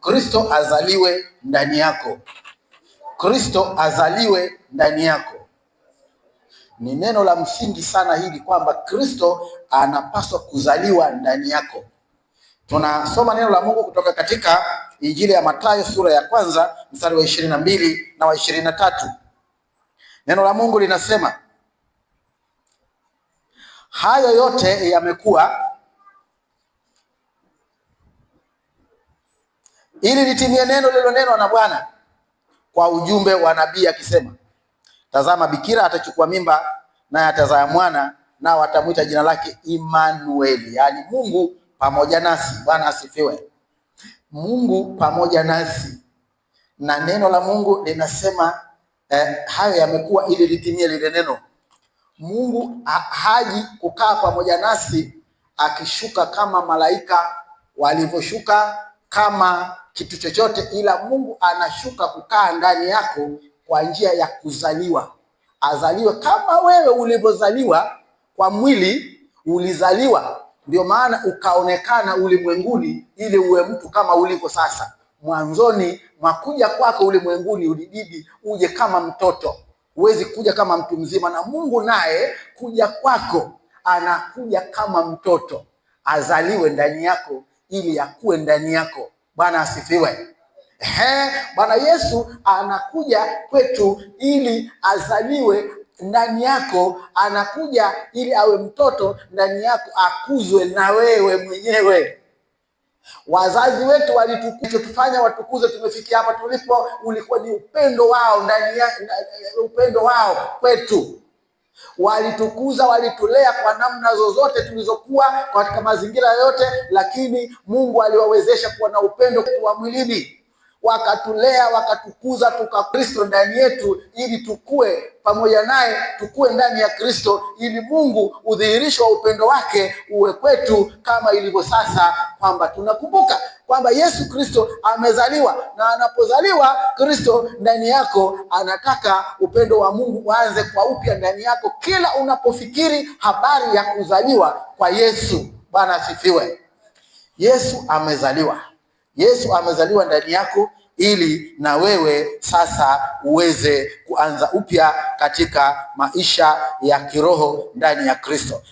Kristo azaliwe ndani yako, Kristo azaliwe ndani yako. Ni neno la msingi sana hili kwamba Kristo anapaswa kuzaliwa ndani yako. Tunasoma neno la Mungu kutoka katika Injili ya Mathayo sura ya kwanza mstari wa ishirini na mbili na wa ishirini na tatu. Neno la Mungu linasema hayo yote yamekuwa ili litimie neno lililonenwa na Bwana kwa ujumbe wa nabii akisema, tazama bikira atachukua mimba naye atazaa mwana, nao atamwita jina lake Imanueli, yaani Mungu pamoja nasi. Bwana asifiwe. Mungu pamoja nasi, na neno la Mungu linasema eh, hayo yamekuwa ili litimie lile neno. Mungu haji kukaa pamoja nasi akishuka kama malaika walivyoshuka kama kitu chochote, ila Mungu anashuka kukaa ndani yako kwa njia ya kuzaliwa. Azaliwe kama wewe ulivyozaliwa kwa mwili, ulizaliwa ndio maana ukaonekana ulimwenguni, ili uwe mtu kama ulivyo sasa. Mwanzoni mwa kuja kwako ulimwenguni, ulibidi uje kama mtoto, huwezi kuja kama mtu mzima. Na Mungu naye kuja kwako anakuja kama mtoto, azaliwe ndani yako ili akuwe ndani yako. Bwana asifiwe. Ehe, Bwana Yesu anakuja kwetu ili azaliwe ndani yako, anakuja ili awe mtoto ndani yako, akuzwe na wewe mwenyewe. Wazazi wetu walitufanya watukuze, tumefikia hapa tulipo, ulikuwa ni upendo wao ndani ya upendo wao kwetu walitukuza, walitulea kwa namna zozote tulizokuwa katika mazingira yote, lakini Mungu aliwawezesha kuwa na upendo kwa mwilini wakatulea wakatukuza, tukakristo ndani yetu, ili tukue pamoja naye, tukue ndani ya Kristo, ili Mungu udhihirisho wa upendo wake uwe kwetu kama ilivyo sasa, kwamba tunakumbuka kwamba Yesu Kristo amezaliwa, na anapozaliwa Kristo ndani yako, anataka upendo wa Mungu uanze kwa upya ndani yako, kila unapofikiri habari ya kuzaliwa kwa Yesu. Bwana asifiwe. Yesu amezaliwa Yesu amezaliwa ndani yako ili na wewe sasa uweze kuanza upya katika maisha ya kiroho ndani ya Kristo.